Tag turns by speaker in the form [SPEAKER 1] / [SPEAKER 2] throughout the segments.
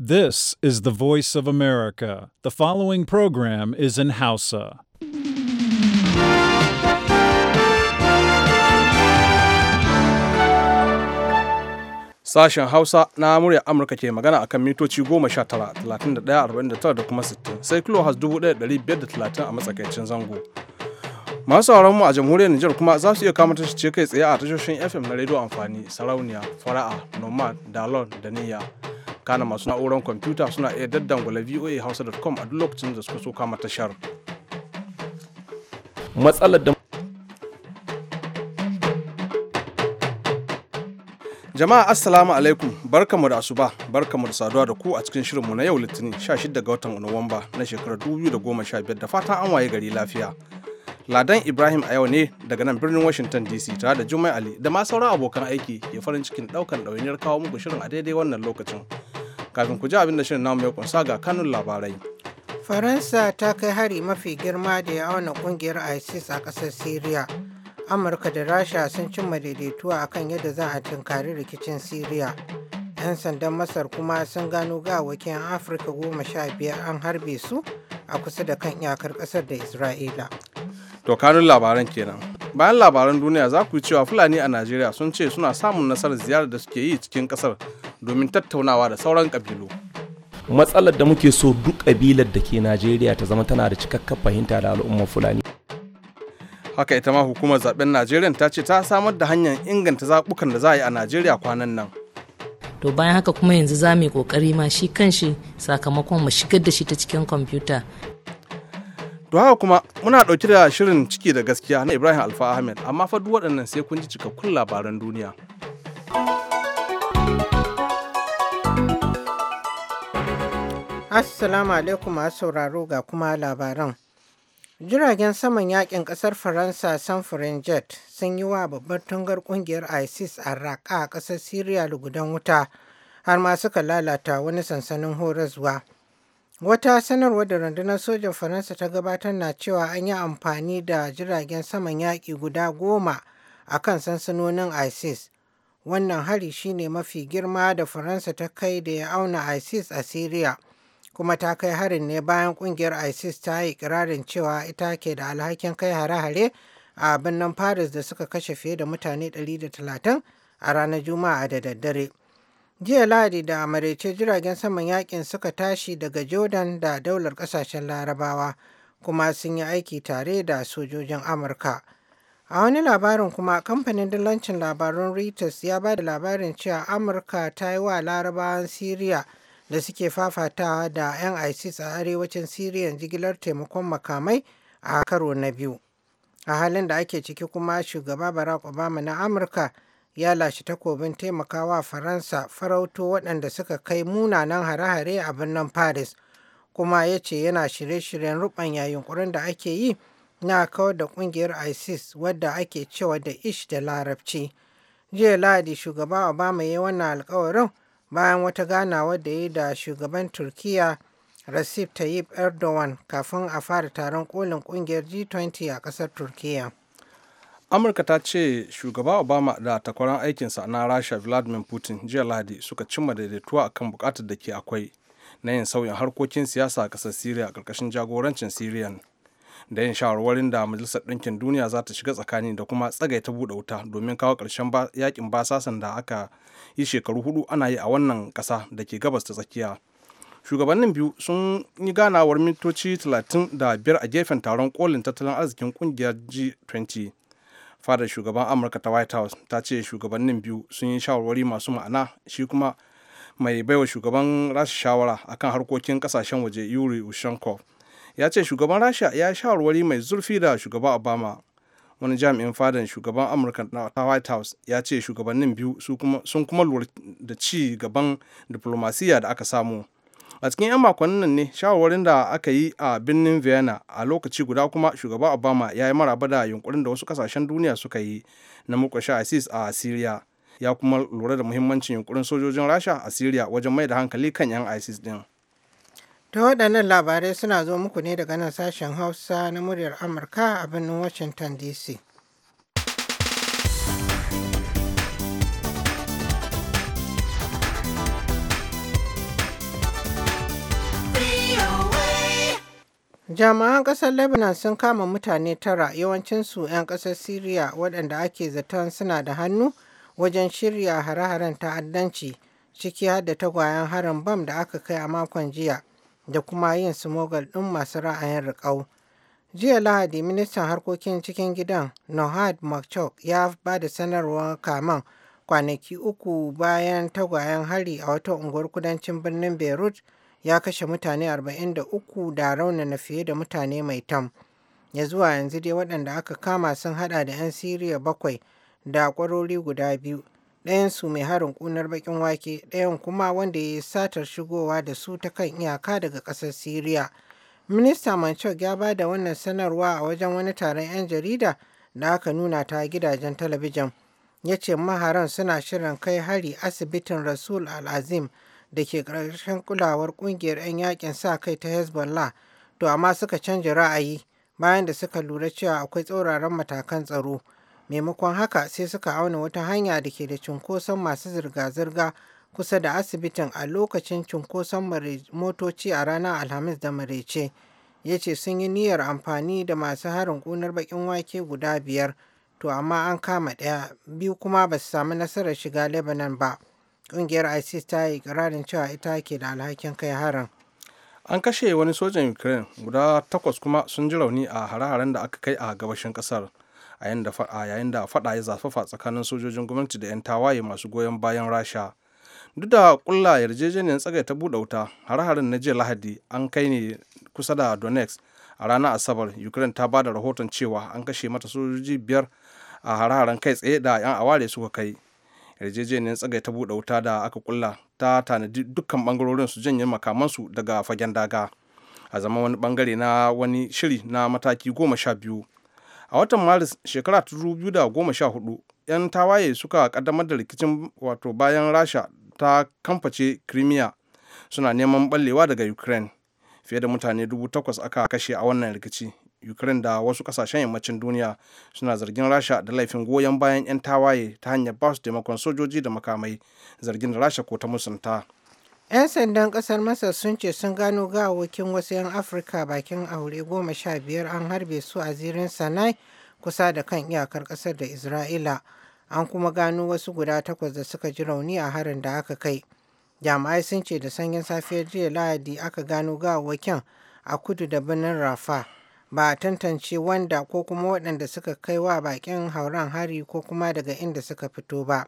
[SPEAKER 1] This is the voice of America. The following program is in Hausa.
[SPEAKER 2] Sashen Hausa na murya Amurka ke magana akan mitoci 19, 31, da kuma 60, sai kilohas 1,530 a matsakaicin zango. Masu mu a jamhuriyar Nijar kuma za su iya kama ce kai tsaye a tashoshin FM na rediyo amfani, sarauniya, fara'a, nomad, dalon da niyya. kana masu na'urar kwamfuta suna iya daddan daddangula voa hausa.com a duk lokacin da suka so kama tashar matsalar da Jama'a Assalamu alaikum barkamu da asuba barkamu da saduwa da ku a cikin shirinmu na yau Litinin 16 ga watan Nuwamba na shekarar 2015 da fatan an waye gari lafiya. Ladan Ibrahim a yau ne daga nan birnin Washington DC tare da Jummai Ali da ma sauran abokan aiki ke farin cikin daukan ɗawainiyar kawo muku shirin a daidai wannan lokacin. kafin ku ji abin da shirin namu ya kunsa ga kanun labarai
[SPEAKER 3] faransa ta kai hari mafi girma da ya auna kungiyar isis a ƙasar syria amurka da rasha sun cimma daidaituwa kan yadda za a tunkari rikicin syria 'yan sandan masar kuma sun gano gawakin afirka goma sha biyar an harbe su a kusa da kan iyakar kasar da isra'ila
[SPEAKER 2] to kanun labaran kenan bayan labaran duniya za ku yi cewa fulani a najeriya sun ce suna samun nasarar ziyarar da suke yi cikin kasar domin tattaunawa da sauran kabilu.
[SPEAKER 4] matsalar da muke so duk kabilar da ke najeriya ta zama tana da cikakken fahimta da
[SPEAKER 5] al'ummar fulani
[SPEAKER 2] haka ita ma hukumar zaben najeriya ta ce ta samar da hanyar inganta zaɓukan da za a yi a najeriya kwanan nan
[SPEAKER 5] to bayan haka kuma yanzu za mu yi kokari ma shi kan shi sakamakon mu shigar da shi ta cikin kwamfuta to
[SPEAKER 2] haka kuma muna ɗauki da shirin ciki da gaskiya na ibrahim alfa ahmed amma fa duk waɗannan sai kun ji cikakkun labaran duniya
[SPEAKER 3] Assalamu alaikum masu sauraro ga kuma labaran. Jiragen saman yakin kasar Faransa samfurin jet sun yi wa babbar tungar kungiyar ISIS a Raqqa a kasar Siriya lugudan wuta har ma suka lalata wani sansanin horaswa. Wata sanarwar da rundunar sojan Faransa ta gabatar na cewa an yi amfani da jiragen saman yaƙi guda goma a kan sansanonin ISIS. Wannan hari shine mafi girma da Faransa ta kai da ya auna ISIS a Siriya. kuma ta kai harin ne bayan kungiyar isis ta yi kirarin cewa ita ke da alhakin kai hare-hare a birnin paris da suka kashe fiye da mutane 130 a ranar juma'a da daddare jiya lahadi da amarece jiragen saman yakin suka tashi daga jordan da daular kasashen larabawa kuma sun yi aiki tare da sojojin amurka a wani labarin kuma kamfanin dillancin labarun reuters ya ba da labarin cewa amurka ta yi wa larabawan Siriya. da suke fafatawa da 'yan isis a arewacin Syria jigilar taimakon makamai a karo na biyu a halin da ake ciki kuma shugaba barack obama na amurka ya lashe takobin taimakawa faransa farauto waɗanda suka kai munanan hare-hare a birnin paris kuma ya ce yana shirye-shiryen ruɓanya yunkurin da ake yi na kawar da ƙungiyar isis wadda ake cewa da ish da larabci jiya lahadi shugaba obama ya yi wannan alkawarin bayan wata ganawa da yi da shugaban Turkiyya Recep Tayyip Erdogan kafin a fara taron kolin kungiyar G20 a kasar Turkiyya.
[SPEAKER 2] Amurka ta ce shugaba Obama da takwaran aikinsa na Rasha Vladimir Putin jiya Lahadi suka cimma daidaituwa akan bukatar da ke akwai na yin sauyin harkokin siyasa a kasar Siriya a ƙarƙashin jagorancin Siriyan. da yin shawarwarin da majalisar ɗinkin duniya za ta shiga tsakani da kuma tsagaita buɗe wuta domin kawo ƙarshen yakin basasan da aka yi shekaru hudu ana yi a wannan ƙasa da ke gabas ta tsakiya shugabannin biyu sun yi ganawar mintoci biyar a gefen taron kolin tattalin arzikin kungiyar g20 fadar shugaban amurka ta white house ta ce shugabannin biyu sun yi shawarwari masu ma'ana shi kuma mai baiwa shugaban rashin shawara akan harkokin kasashen waje yuri ushankov ya ce shugaban rasha ya shawarwari mai zurfi da shugaban obama wani jami'in fadan shugaban amurka na white house ya ce shugabannin biyu sun kuma lura da ci gaban diplomasiya da aka samu a cikin 'yan makonnin nan ne shawarwarin da aka yi a birnin vienna a lokaci guda kuma shugaban obama ya yi maraba da yunkurin da wasu kasashen duniya suka yi na mukwashe isis a syria ya kuma lura da muhimmancin yunkurin sojojin rasha a syria wajen mai da hankali kan 'yan isis din
[SPEAKER 3] Ta waɗannan labarai suna zo muku ne daga nan sashen Hausa na muryar Amurka a birnin Washington DC. Jama'an ƙasar Lebanon sun kama mutane tara yawancinsu 'yan ƙasar Siriya waɗanda ake zaton suna da hannu wajen shirya hare-haren ta'addanci ciki har da tagwayen harin bam da aka kai a makon jiya. da kuma yin smogal ɗin masu ra'ayin riƙau. Jiya Lahadi, ministan harkokin cikin gidan Nohad Makchok ya ba da sanarwar kaman kwanaki uku bayan tagwayen hari a wata unguwar kudancin birnin Beirut ya kashe mutane 43 da raunana fiye da mutane mai tam. Ya zuwa yanzu dai waɗanda aka kama sun hada da 'yan Siriya bakwai da kwarori guda biyu ɗayan su mai harin ƙunar baƙin wake ɗayan kuma wanda ya yi satar shigowa da su ta kan iyaka daga ƙasar Siriya. minista manchok ya ba da wannan sanarwa a wajen wani taron 'yan jarida da aka nuna ta gidajen talabijin ya ce maharan suna shirin kai hari asibitin rasul al-azim da ke ƙarshen kulawar ƙungiyar 'yan yakin sa kai ta hezbollah to amma suka canja ra'ayi bayan da suka lura cewa akwai tsauraran matakan tsaro maimakon haka sai suka auna wata hanya da ke da cunkoson masu zirga-zirga kusa da asibitin a lokacin cunkoson motoci a ranar alhamis da marece ya ce sun yi niyyar amfani da masu harin ƙunar baƙin wake guda biyar to amma an kama ɗaya biyu kuma ba su sami nasarar shiga lebanon ba ƙungiyar isis ta yi ƙirarin cewa ita ke da alhakin kai harin
[SPEAKER 2] an kashe wani sojan ukraine guda takwas kuma sun ji rauni a hare-haren da aka kai a gabashin ƙasar a yayin da faɗa ya zafafa tsakanin sojojin gwamnati da 'yan tawaye masu goyon bayan rasha duk da kulla yarjejeniyar tsagai ta buɗe wuta hare harin na jiya lahadi an kai ne kusa da donetsk a ranar asabar ukraine ta ba da rahoton cewa an kashe mata sojoji biyar a hare-haren kai tsaye da 'yan aware suka kai yarjejeniyar tsagai ta buɗe wuta da aka kulla ta tanadi dukkan bangarorin su janye makamansu daga fagen daga a zama wani bangare na wani shiri na mataki goma sha biyu a watan maris shekara ta 2014 'yan tawaye suka kaddamar da rikicin wato bayan rasha ta kamface crimea suna neman ballewa daga ukraine fiye da mutane 8,000 aka kashe a wannan rikici ukraine da wasu kasashen yammacin duniya suna zargin rasha da laifin goyon bayan 'yan tawaye ta hanyar basu taimakon sojoji da makamai zargin da rasha ko ta musunta
[SPEAKER 3] 'Yan sandan ƙasar Masar sun ce sun gano gawokin wasu 'yan Afirka bakin aure goma sha biyar an harbe su a zirin Sanai kusa da kan iyakar ƙasar da Isra'ila. An kuma gano wasu guda takwas da suka ji rauni a harin da aka kai. Jami'ai sun ce da sanyin safiyar jiya Lahadi aka gano gawakin a kudu da birnin Rafa. Ba a tantance wanda ko kuma waɗanda suka kai wa bakin hauren hari ko kuma daga inda suka fito ba.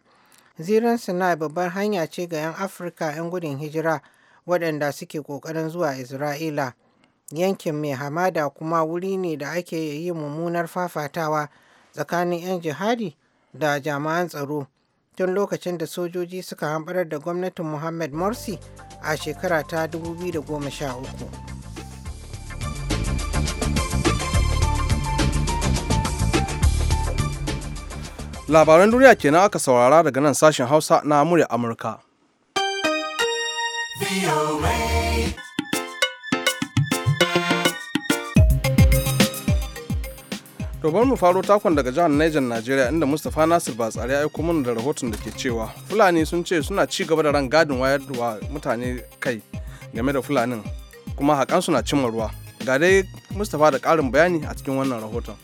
[SPEAKER 3] Zirin Sinai babbar hanya ce ga 'yan Afirka 'yan gudun hijira waɗanda suke ƙoƙarin zuwa Isra'ila. Yankin mai hamada kuma wuri ne da ake yi mummunar fafatawa tsakanin 'yan jihadi da jami'an tsaro tun lokacin da sojoji suka hamɓarar da gwamnatin Muhammad Morsi a shekara ta 2013.
[SPEAKER 2] labaran duniya kenan aka saurara daga nan sashen hausa na murya amurka Domin mu faro takon daga jihar Niger Najeriya inda Mustapha Nasir Batsari ya aiko mana da rahoton da ke cewa Fulani sun ce suna ci gaba da ran gadin wayar wa mutane kai game da Fulanin kuma haƙansu na cimma ruwa. Ga dai Mustapha da ƙarin bayani a cikin wannan rahoton.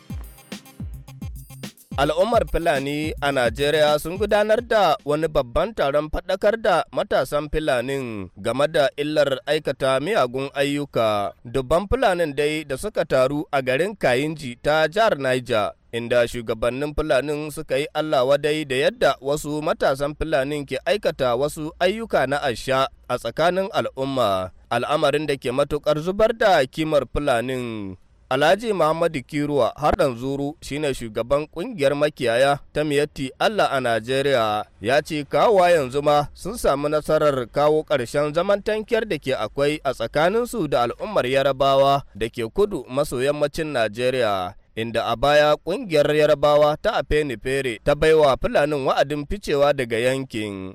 [SPEAKER 2] Al'ummar Fulani a Najeriya sun
[SPEAKER 6] gudanar da wani babban taron faɗakar da matasan Fulanin game da illar aikata miyagun ayyuka. Dubban Fulanin dai da suka taru a garin Kayinji ta jihar Niger. Inda shugabannin Fulanin suka yi Allah wadai da yadda wasu matasan Fulanin ke aikata wasu ayyuka na asha a tsakanin al'umma, al'amarin da ke matukar zubar da kimar Fulanin. Alhaji Muhammadu Kiruwa haɗin zuru shine shugaban ƙungiyar makiyaya ta miyatti Allah a Najeriya ya ce kawowa yanzu ma sun samu nasarar kawo ƙarshen zaman tankiyar da ke akwai a tsakanin su da al'ummar Yarabawa da ke kudu maso yammacin Najeriya. Inda a baya ƙungiyar Yarabawa ta fere ta baiwa Fulanin wa'adin ficewa daga yankin.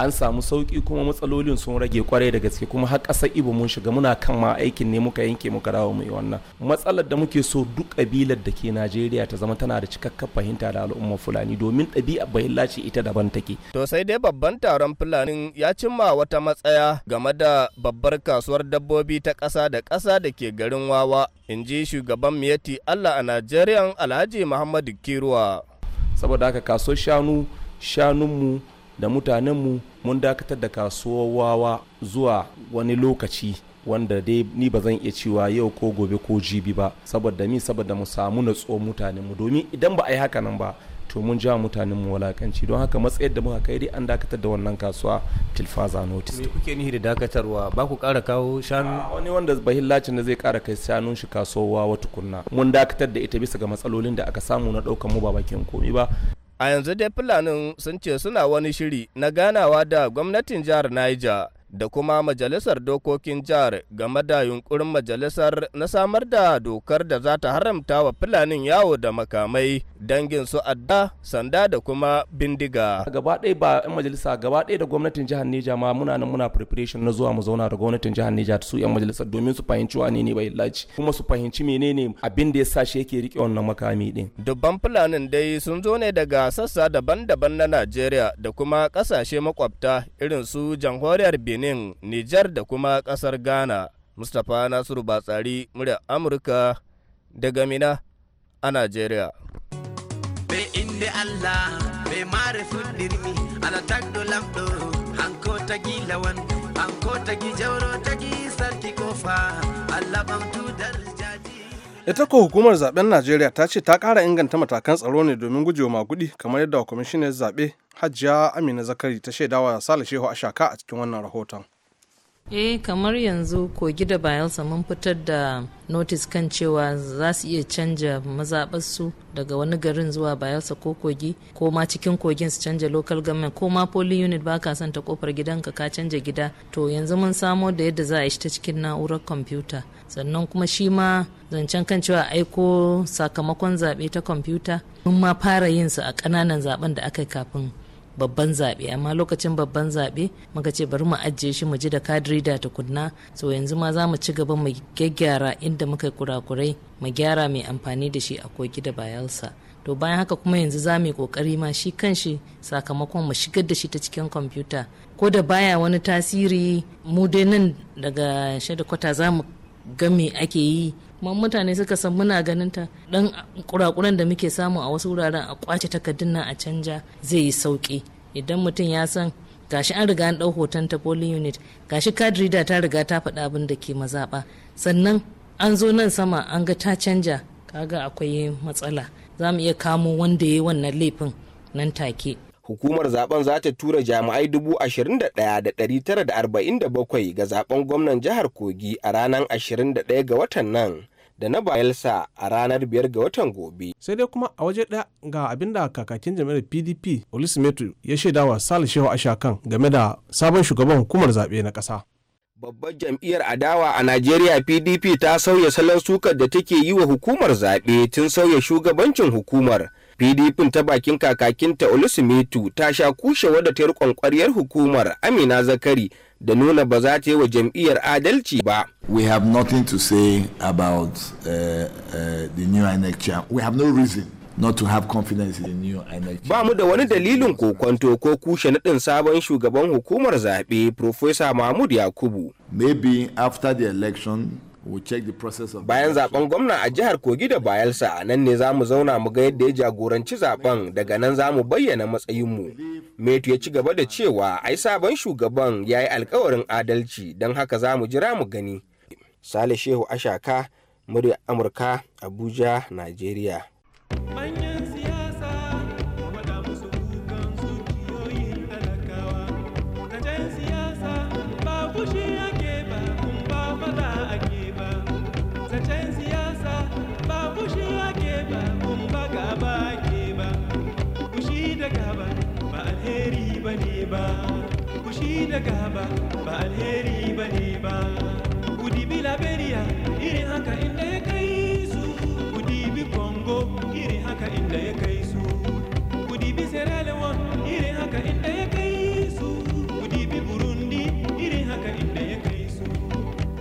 [SPEAKER 6] an samu sauki kuma matsalolin sun rage
[SPEAKER 4] kwarai da gaske kuma har ƙasa ibo mun shiga muna kan ma aikin ne muka yanke muka dawo mu yi wannan matsalar da muke so duk kabilar da ke najeriya ta zama tana da cikakken fahimta da al'umma fulani domin ɗabi'a bahilla ce ita daban take
[SPEAKER 6] to sai dai babban taron fulani ya cimma wata matsaya game da babbar kasuwar dabbobi ta ƙasa da ƙasa da ke garin wawa in ji shugaban miyati allah a najeriya alhaji muhammadu kiruwa saboda haka kaso shanu shanunmu da mutanenmu mun dakatar da kasuwa wawa
[SPEAKER 4] zuwa wani lokaci wanda dai ni ba zan iya cewa yau ko gobe ko jibi ba saboda mi saboda mu samu natsuwar mutanen mu domin idan ba a yi haka nan ba to mun ja mutanen mu walakanci don haka matsayar da muka kai dai an dakatar da wannan kasuwa tilfaza notice me kuke nihi da dakatarwa ba ku kara kawo shanu wani wanda bahillacin da zai kara kai shanun shi kasuwa wata
[SPEAKER 6] kunna mun dakatar da ita bisa ga matsalolin da aka samu na daukan mu ba bakin komi ba a yanzu dai fulanin sun ce suna wani shiri na ganawa da gwamnatin jihar niger da kuma Majalisar Dokokin Jihar game da yunkurin majalisar na samar da dokar da za ta haramta wa Fulanin yawo da makamai dangin su adda, sanda da kuma bindiga. Gaba ɗaya ba 'yan majalisa gaba ɗaya da gwamnatin jihar Neja ma muna nan muna preparation
[SPEAKER 4] na zuwa mu zauna da gwamnatin jihar Neja su 'yan majalisar domin su fahimci wane ne bai kuma su fahimci menene abin da ya sa shi yake rike wannan makami din.
[SPEAKER 6] Dubban Fulanin dai sun zo ne daga sassa daban-daban na Najeriya da kuma ƙasashe makwabta irin su jamhuriyar Benin Benin, Nijar da kuma ƙasar Ghana. Mustapha Nasiru Batsari, murya Amurka daga Mina a Najeriya.
[SPEAKER 7] Be Allah, be mare tagi
[SPEAKER 2] ita ko hukumar zaben najeriya ta ce ta kara inganta matakan tsaro ne domin gujewa magudi kamar yadda kwamishinan zaɓe hajiya amina zakari ta shaidawa sale shehu ashaka a cikin wannan rahoton
[SPEAKER 5] eh kamar yanzu kogi da bayelsa mun fitar da notice kan cewa za su iya canja mazaɓarsu daga wani garin zuwa bayelsa ko kogi ko ma cikin kogin su canja local government ko ma poly unit ba ka son ta kofar gidanka ka canja gida to yanzu mun samo da yadda za a yi ta cikin na'urar kwamfuta sannan kuma shi ma zancen kan cewa aiko sakamakon zaɓe ta kwamfuta mun ma fara yin su a ƙananan zaɓen da aka yi kafin babban zaɓe amma lokacin babban zaɓe muka ce bari mu ajiye shi mu ji da kadiri da kunna so yanzu ma za mu ci gaba mu gyaggyara inda muka yi kurakurai mu gyara mai amfani da shi a kogi da bayansa to bayan haka kuma yanzu za mu yi kokari ma shi kan shi sakamakon mu shigar da shi ta cikin kwamfuta ko da baya wani tasiri mu dai nan daga kwata za mu ga me ake yi man mutane suka san muna ganin ta dan kurakuran da muke samu a wasu wuraren a kwace takardun nan a canja zai yi sauki idan mutum ya san gashi an riga an dau hoton ta polling unit gashi card reader ta riga ta faɗa abin da ke mazaɓa sannan an zo nan sama an ga ta canja kaga akwai matsala za mu iya kamo wanda ya yi wannan laifin nan take
[SPEAKER 8] hukumar zaben za ta tura jami'ai 21,947 ga zaben gwamnan jihar kogi a ranar 21 ga watan nan da na bayelsa a ranar 5 ga watan gobe sai dai kuma a waje ɗaya
[SPEAKER 2] ga abin da kakakin jami'ar pdp olisimetu ya shaida wa sal shehu ashakan game da sabon shugaban hukumar zaɓe na ƙasa
[SPEAKER 8] Babbar jam'iyyar adawa a Najeriya PDP ta sauya salon sukar da take yi wa hukumar zaɓe tun sauya shugabancin hukumar pdp ta bakin kakakinta olusimitu ta sha kushe wadda ta kwankwariyar hukumar amina zakari da nuna ba za ta yi wa jam'iyyar adalci ba we have nothing to say about uh, uh, the new INEC chair we have no reason ba mu da wani dalilin kokonto ko kushe nadin sabon shugaban hukumar zaɓe profesa mahmud yakubu maybe after the election Bayan zaben gwamna a jihar Kogi da Bayelsa nan ne za mu zauna mu ga yadda ya jagoranci zaben daga nan za mu bayyana matsayinmu. Metu ya ci gaba da cewa ai sabon shugaban ya yi alkawarin adalci don haka za mu jira mu gani. Sale Shehu Ashaka, murya Amurka, Abuja, Najeriya.
[SPEAKER 4] fushi da gaba ba alheri ba ne ba kudi bi irin haka inda ya kai su congo irin haka inda ya kai su sierra leone irin haka inda ya kai su burundi irin haka inda ya kai su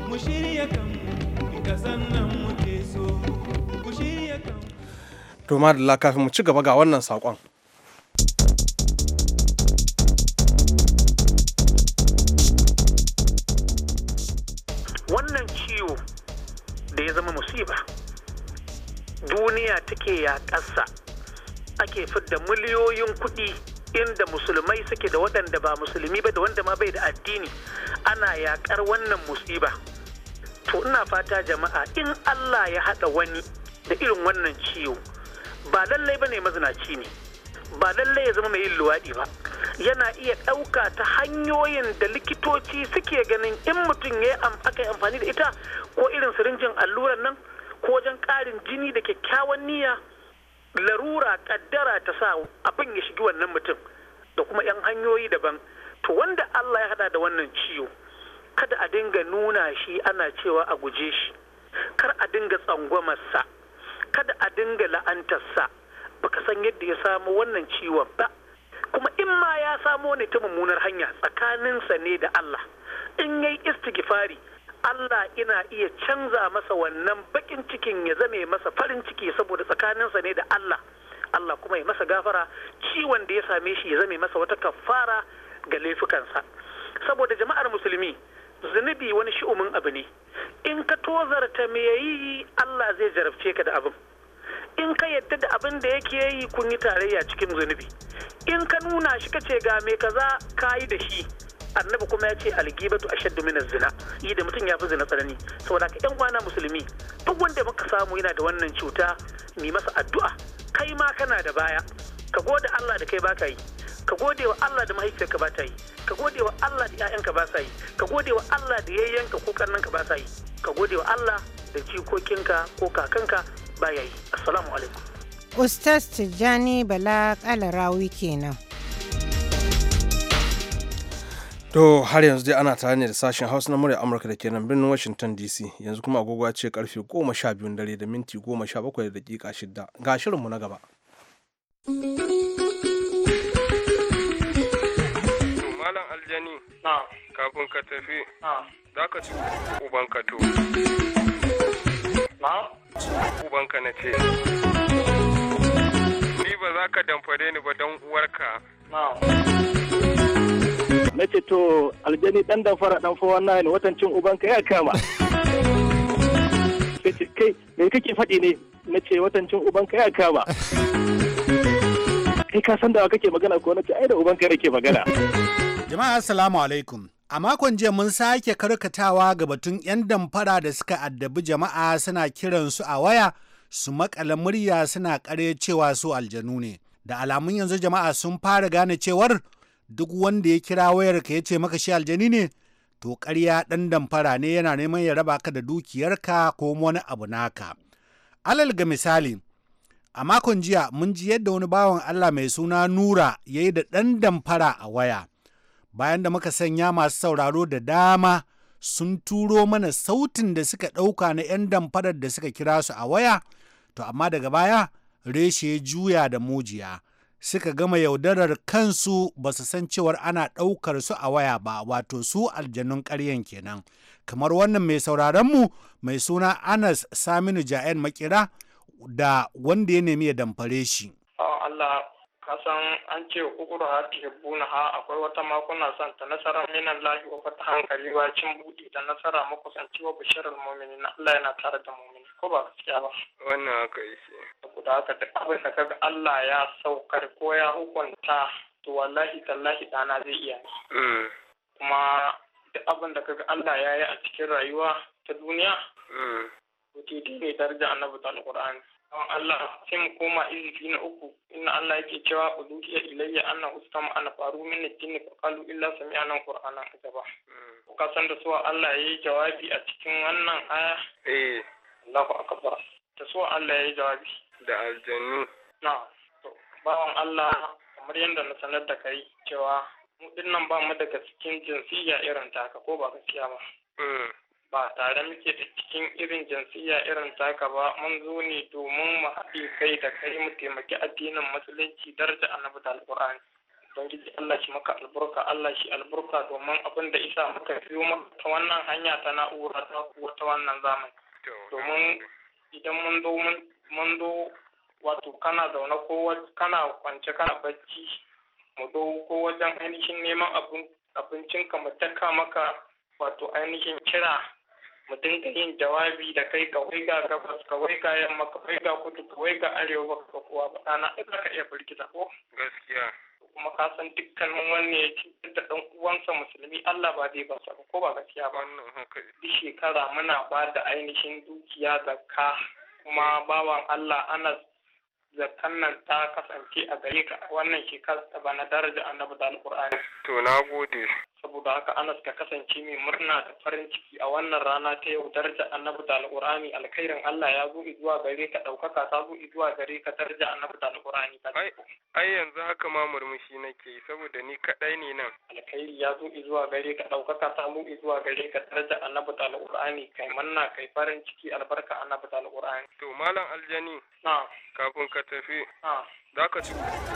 [SPEAKER 4] mu shirya kan kasan nan muke so ku
[SPEAKER 2] shirya kan to kafin mu ci gaba ga wannan saƙon
[SPEAKER 7] wannan ciwo da ya zama musiba duniya take ya ƙasa ake fidda miliyoyin kuɗi inda musulmai suke da waɗanda ba musulmi ba da wanda ma bai da addini ana yaƙar wannan musiba to ina fata jama'a in allah ya haɗa wani da irin wannan ciwo ba lallai ba ne mazinaci ne ba lallai ya zama mai yin luwaɗi ba yana iya ɗauka ta hanyoyin da likitoci suke ganin in mutum ya aka yi amfani da ita ko irin sirinjin alluran nan ko wajen ƙarin jini da kyakkyawan niyya larura ƙaddara ta sa abin ya shigi wannan mutum da kuma 'yan hanyoyi daban to wanda Allah ya haɗa da wannan ciwo kada a dinga nuna shi ana cewa a guje shi kar a dinga tsangwamarsa kada a dinga la'antarsa baka san yadda ya samu wannan ciwon ba kuma in ma ya samo ne ta mummunar hanya tsakaninsa ne da Allah in yayi istighfari Allah ina iya canza masa wannan bakin cikin ya zame masa farin ciki saboda tsakaninsa ne da Allah Allah kuma ya masa gafara ciwon da ya same shi ya zame masa wata kafara ga laifukansa saboda jama'ar musulmi zunubi wani shi'umin abu ne in ka tozarta me yayi Allah zai jarabce ka da abin in ka yadda da abin da yake yi kun yi tarayya cikin zunubi in ka nuna shi ka ce ga me kaza ka yi da shi annabi kuma ya ce algibatu ashad min zina yi da mutum ya fi zina tsanani saboda ka yan uwana musulmi duk wanda muka samu yana da wannan cuta mi masa addu'a kai ma kana da baya ka gode Allah da kai baka yi ka gode wa Allah da mahaifiyarka ba ta yi ka gode wa Allah da ƴaƴanka ba sa yi ka gode wa Allah da yayyanka ko kannanka ba sa yi ka gode wa Allah da jikokinka ko kakanka baya
[SPEAKER 3] ustaz tijjani bala kalarawi kenan
[SPEAKER 2] To har yanzu dai ana tare ne da sashen Hausa na murya Amurka da kenan birnin Washington DC yanzu kuma agogo ce karfe goma sha biyun dare da minti goma sha bakwai da dakika shida ga shirinmu na gaba.
[SPEAKER 9] Malam
[SPEAKER 10] Aljani, kafin ka tafi, za ka ci uban ka to. Na? Ubanka na ce. Ni ba za ka damfare ni ba don uwarka.
[SPEAKER 9] Na. ce to aljani dan damfara dan fa wannan ne watancin ubanka ya kama. Sai ce kai me kake faɗi ne?
[SPEAKER 1] Na ce watancin ubanka ya kama. Kai ka san da kake magana ko na ce ai da ubanka yake magana. Jama'a assalamu alaikum. A makon jiya mun sake karkatawa ga batun 'yan damfara da suka addabi jama'a suna kiransu a waya su makala murya suna kare cewa su aljanu ne. Da alamun yanzu jama'a sun fara gane cewar duk wanda ya kira wayarka ya ce maka shi aljani ne to ƙarya ɗan damfara ne yana neman ya raba ka da dukiyarka ko wani abu naka. Alal ga misali, a makon jiya mun ji yadda wani bawan Allah mai suna Nura ya yi da ɗan damfara a waya. bayan da muka sanya masu sauraro da dama sun turo mana sautin da suka ɗauka na 'yan damfarar da suka kira su a waya to amma daga baya reshe juya da mujiya suka gama yaudarar kansu ba su san cewar ana ɗaukar su a waya ba wato su aljanun ƙaryan kenan kamar wannan mai sauraronmu mai suna anas saminu ja'en makira da wanda ya nemi ya damfare shi
[SPEAKER 10] ah, Allah kasan an ce ukuru har tuhibbuna ha akwai wata makuna san son ta nasara minan lahi wa fata hankali wa cin buɗe da nasara makusanci wa bisharar na Allah yana tare da mu'mini ko ba gaskiya ba wannan haka yake saboda haka duk abin da kaga Allah ya saukar ko ya hukunta to wallahi tallahi dana zai iya mm. kuma duk abin da kaga Allah ya yi a cikin rayuwa ta duniya mm. to daidai ne daraja annabi ta alqur'ani don Allah sai mu koma izifi na uku inna Allah yake cewa udukiya ilayya anna ustam ana faru min jinn fa qalu illa sami'ana qur'ana ajaba hmm. ka san da suwa Allah yayi jawabi a cikin wannan aya eh Allahu akbar da suwa Allah yayi jawabi da aljannu na to bawan Allah kamar yadda na sanar da kai cewa mu dinnan ba mu daga cikin jinsiya irin taka ko ba gaskiya ba hmm. ba tare muke da cikin irin jinsiya irin taka ba mun zo ne domin mu haɗe kai da kai mu taimaki addinin musulunci daraja annabi da alƙur'ani ubangiji Allah shi maka alburka Allah shi alburka domin abin da isa muka biyo ta wannan hanya ta na'ura ta kuwa ta wannan zamani domin idan mun zo mun zo wato kana zaune ko kana kwance kana bacci mu zo ko wajen ainihin neman abincin ka mu taka maka wato ainihin kira mu dinga yin jawabi da kai kawai wai ga gabas kawai ga yamma kawai ga kudu kawai wai ga arewa ka kowa ba ɗana ai za ka iya firgita ko gaskiya kuma ka san dukkanin wani ya ci da ɗan uwansa musulmi Allah ba zai ba sa ko ba gaskiya ba duk shekara muna ba da ainihin dukiya ka kuma bawan Allah Anas zakan nan ta kasance a gare ka wannan shekara ta bana daraja annabi da alƙur'ani. To na gode. saboda haka anas ka kasance mai murna da farin ciki a wannan rana ta yau daraja annabi da alqur'ani alkhairin Allah ya zo zuwa gare ka ɗaukaka ta zo zuwa gare ka daraja annabi da alqur'ani ai ai yanzu haka ma murmushi nake saboda ni kadai ne nan alkhairi ya zo zuwa gare ka ɗaukaka ta zo zuwa gare ka daraja annabi da alqur'ani kai manna kai farin ciki albarka annabi da alqur'ani to malam aljani na kafin ka tafi na zaka ci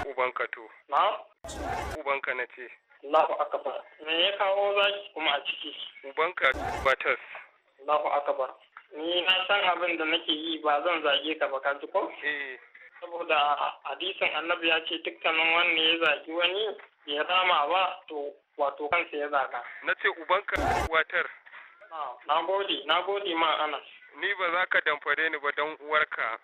[SPEAKER 10] ubanka to na ubanka na ce Allahu akbar. Me ya kawo zaki kuma a ciki? Ubanka batas. Allahu akbar. Ni na san abin da nake yi ba zan zage ka ba ka ji ko? Eh. Saboda hadisin Annabi ya ce dukkanin wanda ya zagi wani ya rama ba to wato kansa ya zaga. Na ce ubanka watar. Na gode, na gode ma Anas. Ni ba za ka damfare ni ba don uwarka.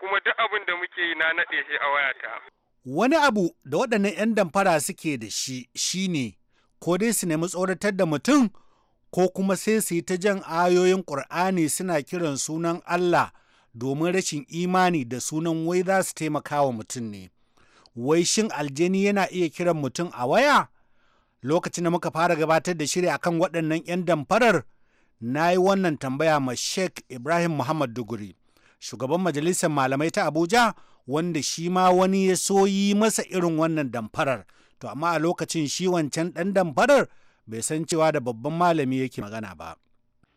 [SPEAKER 10] Kuma duk abin da muke yi na naɗe shi a wayata.
[SPEAKER 1] Wani abu da waɗannan 'yan damfara suke da shi shine ko dai su nemi tsoratar da mutum ko kuma sai su yi ta jan ayoyin ƙur'ani suna kiran sunan Allah domin rashin imani da sunan wai za su taimaka wa mutum ne. Wai shin aljani yana iya kiran mutum a waya? Lokacin da muka fara gabatar da shiri akan waɗannan 'yan damfarar, na yi wannan tambaya ma Sheikh Ibrahim Muhammad Duguri, shugaban majalisar malamai ta Abuja, wanda shi ma wani ya so yi masa irin wannan damfarar to amma a lokacin shi wancan ɗan damfarar bai san cewa da babban malami yake magana ba.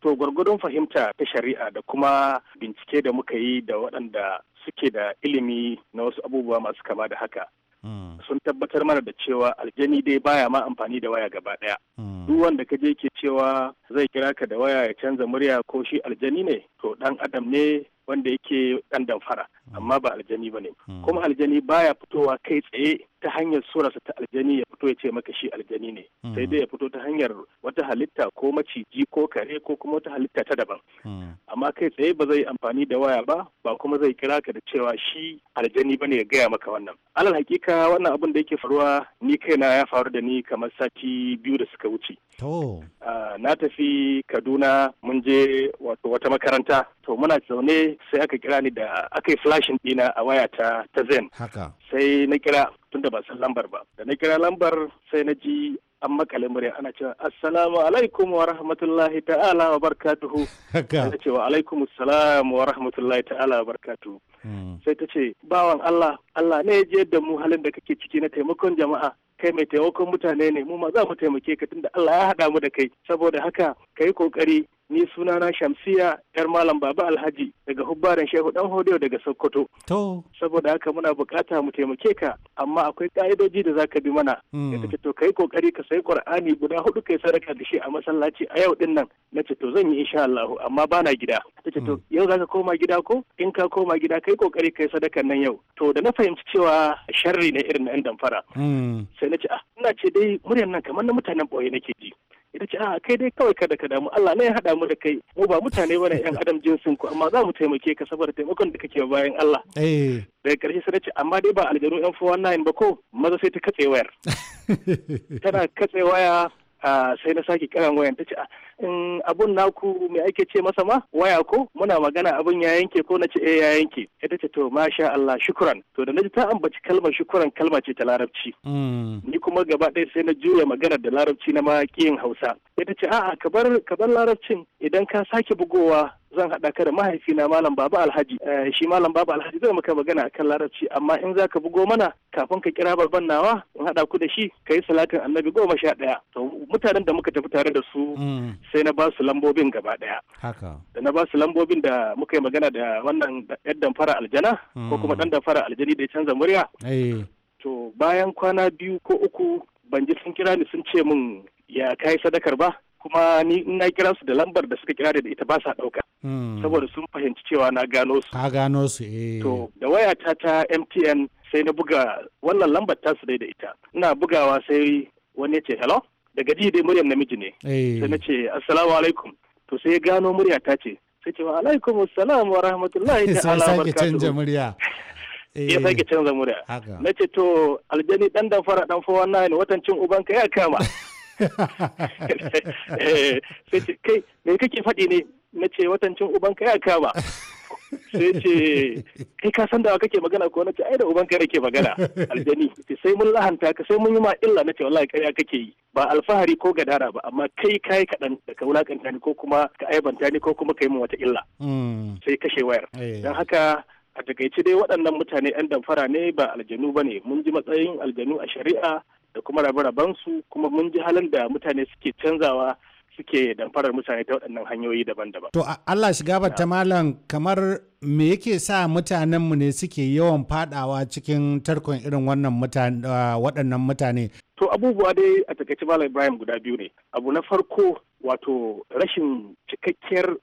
[SPEAKER 9] To gwargwadon fahimta ta shari'a da kuma bincike da muka yi da waɗanda suke da ilimi na wasu abubuwa masu kama da haka. Hmm. Sun tabbatar mana da cewa aljani dai baya ma amfani da waya gaba ɗaya. Hmm. Duk wanda ka je ke cewa zai kira ka da waya ya canza murya ko shi aljani ne, to ɗan adam ne wanda yake ɗan damfara mm. amma ba aljani ba ne mm. kuma aljani baya fitowa kai tsaye ta hanyar surarsa ta aljani ya fito ya ce maka shi aljani ne mm. sai dai ya fito ta hanyar wata halitta ko maciji ko kare ko kuma wata halitta ta daban amma kai tsaye ba zai amfani da waya ba ba kuma zai kira ka da cewa shi aljani ba ne ya gaya maka wannan alal hakika wannan abin da yake faruwa ni kaina ya faru da ni kamar sati biyu da suka wuce To. Ah, na tafi Kaduna mun je wato wata makaranta. To muna zaune sai aka kira ni da aka yi flashin dina a waya ta ta Zen. Haka. Sai na kira tunda ba san lambar ba. Da na kira lambar sai na ji an makale murya ana cewa assalamu alaikum wa rahmatullahi ta'ala wa barakatuhu ana cewa alaikum assalam wa rahmatullahi ta'ala wa barakatuhu hmm. sai ta ce bawan Allah Allah ne ya je da mu halin da kake ciki na taimakon jama'a kai mai taimakon mutane ne mu ma za mu taimake ka tunda Allah ya haɗa mu da kai saboda haka ka yi kokari ni sunana shamsiya yar malam baba alhaji daga hubbaren shehu dan hodeo daga sokoto saboda haka muna bukata mu taimake ka amma akwai ka'idoji da za ka bi mana ya hmm. to kai kokari ka sai qur'ani guda hudu kai sadaka da shi a masallaci a yau din nan na ce to zan yi insha Allah amma bana gida ta ce to hmm. yau zaka koma gida ko in ka koma gida kai kokari kai sadakan nan yau to da na fahimci cewa sharri ne irin na yan damfara hmm. sai na ce ah ina ce dai muryan nan kamar na mutanen boye nake ji ita ce a ah, kai dai kawai kada ka damu Allah ne ya haɗa mu da kai mu ba mutane bane yan adam jinsin ku amma za mu taimake ka saboda taimakon da kake bayan Allah eh. daga karshe sai ce amma dai ba aljanu yan 419 ba ko maza sai ta katse wayar tana katse waya ah, sai na sake kiran wayan ta ce in abun naku me ake ce masa ma waya ko muna magana abun ya yanke ko na ce eh ya yanke ita ce to masha Allah shukran to da naji ta ambaci kalmar shukran kalma ce ta larabci mm. ni kuma gaba ɗaya sai na juya magana da larabci na ma kiyin Hausa ita ce a'a ka bar ka bar larabcin idan ka sake bugowa zan haɗa ka da mahaifina malam baba alhaji eh, shi malam baba alhaji zai maka magana akan larabci amma in zaka bugo mana kafin ka kira babban nawa in haɗa ku da shi ka yi salatin annabi goma sha ɗaya to mutanen da muka tafi tare da su mm. sai na ba su lambobin gaba daya da na ba su lambobin da muka yi magana da wannan yan damfara aljana ko kuma mm. dan damfara aljani da ya canza murya eh. to bayan kwana biyu ko uku ban ji sun kira ni sun ce mun ya kai sadakar ba kuma ni in na kira su da lambar da suka kira da ita ba sa dauka
[SPEAKER 1] mm. saboda
[SPEAKER 9] sun fahimci cewa na gano su
[SPEAKER 1] ka gano su eh to
[SPEAKER 9] da wayata ta MTN sai na buga wannan lambar ta su da ita ina bugawa sai wani ya ce hello daga ji dai muryar namiji ne eh. sai na ce assalamu alaikum to sai ya gano murya ta ce sai ce wa alaikum assalam wa rahmatullahi ta'ala wa sake canza
[SPEAKER 1] murya ya sake eh,
[SPEAKER 9] canza murya na ce to aljani dan dan fara dan fa wannan watan cin ubanka ya kama eh, sai ce kai me kake faɗi ne na ce watan cin ubanka ya kama sai ce kai ka san da kake magana ko na ce ai da uban kai nake magana aljani sai mun lahanta ka sai mun yi ma illa na ce wallahi kai kake yi ba alfahari ko gadara ba amma kai kai kaɗan da ka wulakanta ni ko kuma ka aibanta ni ko kuma ka yi min wata illa mm. sai kashe wayar eh. Dan haka a takaice dai waɗannan mutane 'yan damfara ne ba aljanu ba ne mun ji matsayin aljanu a shari'a da kuma rabe-rabensu kuma mun ji halin da mutane suke canzawa suke damfarar mutane ta waɗannan hanyoyi daban-daban. To
[SPEAKER 1] Allah shiga ta malam kamar me yake sa mutanen mu ne suke yawan fadawa cikin tarkon irin wannan mutane waɗannan mutane.
[SPEAKER 9] To abubuwa dai a takaice malam Ibrahim guda biyu ne. Abu na farko wato rashin cikakkiyar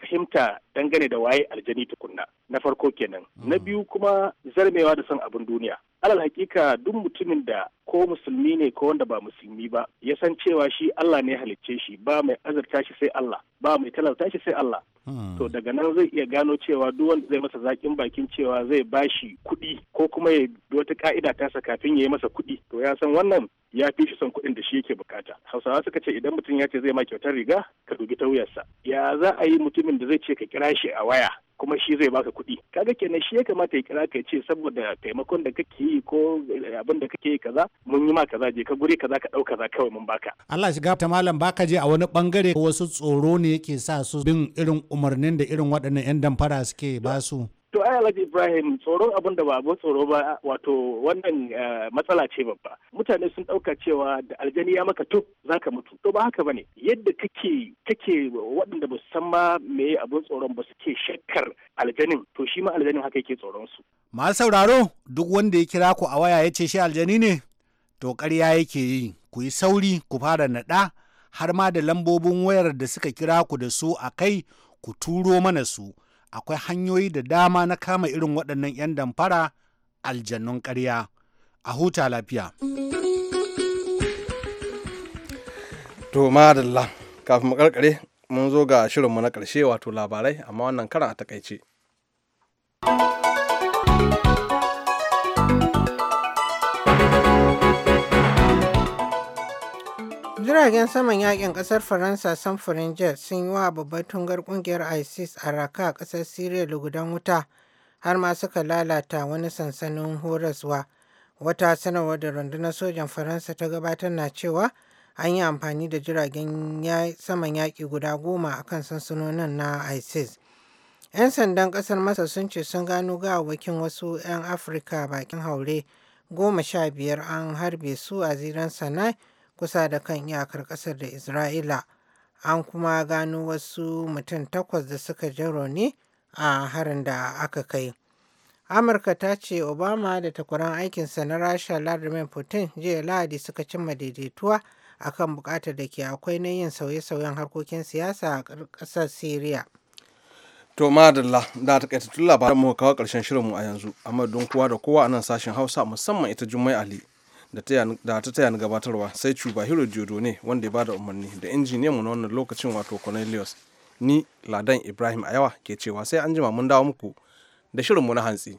[SPEAKER 9] fahimta dangane da waye aljani tukunna na farko kenan. Na mm. biyu kuma zarmewa da son abin duniya. alal hakika duk mutumin da ko musulmi ne ko wanda ba musulmi ba ya san cewa shi Allah ne halicce shi ba mai azurta shi sai Allah ba mai talauta shi sai Allah hmm. to daga nan zai iya gano cewa duk wanda zai masa zakin bakin cewa zai bashi kuɗi ko kuma ya wata ka'ida tasa kafin ya yi masa kuɗi to ya san wannan ya fi shi son kuɗin da shi yake bukata hausawa suka ce idan mutum ya ce zai ma kyautar riga ka dubi ta wuyarsa ya za a yi mutumin da zai ce ka kira shi a waya kuma shi zai baka kuɗi kaga kenan shi ya kamata ya kira ka ce saboda taimakon da kake yi ko eh, abin da kake yi kaza mun yi ma kaza je ka guri kaza ka ɗau kaza kawai mun baka
[SPEAKER 1] Allah shiga ta malam baka je a wani bangare wasu tsoro ne yake sa su bin irin umarnin da irin waɗannan yan damfara suke ba su
[SPEAKER 9] To ai Alhaji Ibrahim tsoro abin da ba tsoro ba wato wannan eh, matsala ce babba. Mutane sun ɗauka cewa da aljani ya maka tuk za ka mutu. To ba haka bane yadda kake waɗanda ba su san ma me abin tsoron ba suke shakkar aljanin to shi ma aljanin haka yake tsoron su.
[SPEAKER 1] Ma sauraro duk wanda ya kira ku a waya ya ce shi aljani ne to ƙarya yake yi ku yi sauri ku fara naɗa har ma da lambobin wayar da suka kira ku da su a kai ku turo mana su. akwai hanyoyi da dama na kama irin waɗannan 'yan damfara aljannun ƙarya a huta lafiya.
[SPEAKER 2] To madalla kafin mu karkare mun zo ga shirinmu na ƙarshe wato labarai amma wannan karan a takaice.
[SPEAKER 3] Jiragen saman yakin kasar Faransa samfurin jet sun yi wa babbar tungar kungiyar ISIS a raka a kasar Siriya lugudan wuta har ma suka lalata wani sansanin horaswa. Wata sanarwar da rundunar sojan Faransa ta gabatar na cewa an yi amfani da jiragen saman yaƙi guda goma a kan sansanonin na ISIS. 'Yan sandan ƙasar masa sun ce sun gano wakin wasu 'yan Afirka bakin haure goma sha biyar an harbe su a ziran Sana'i kusa da kan iyakar ƙasar da Isra'ila. An kuma gano wasu mutum takwas da suka ji rauni a harin da aka kai. Amurka ta ce Obama da takwaran aikinsa na Rasha Vladimir Putin jiya Lahadi suka cimma daidaituwa kan bukatar da ke akwai na yin sauye-sauyen harkokin siyasa a ƙasar Syria.
[SPEAKER 2] To madalla da ta tun labaran mu kawo ƙarshen shirinmu a yanzu, amma don kowa da kowa a nan sashen Hausa musamman ita Jummai Ali da ta taya ni gabatarwa sai cuba hiro Jodo ne wanda ya bada umarni da injiniyan mu na wannan lokacin wato Cornelius ni Ladan Ibrahim a yawa ke cewa sai an jima mun dawo muku da shirinmu na hantsi.